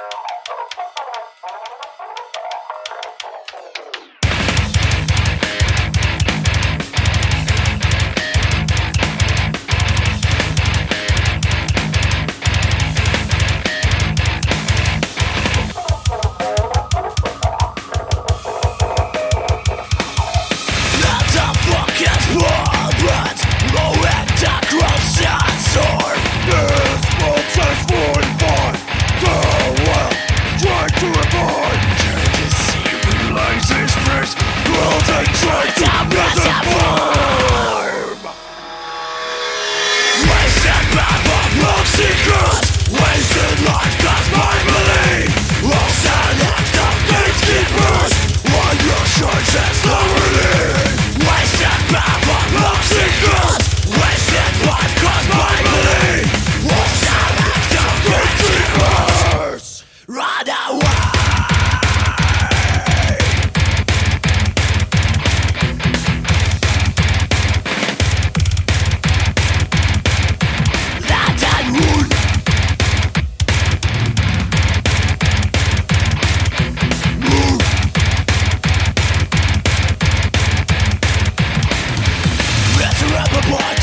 Thank you. What?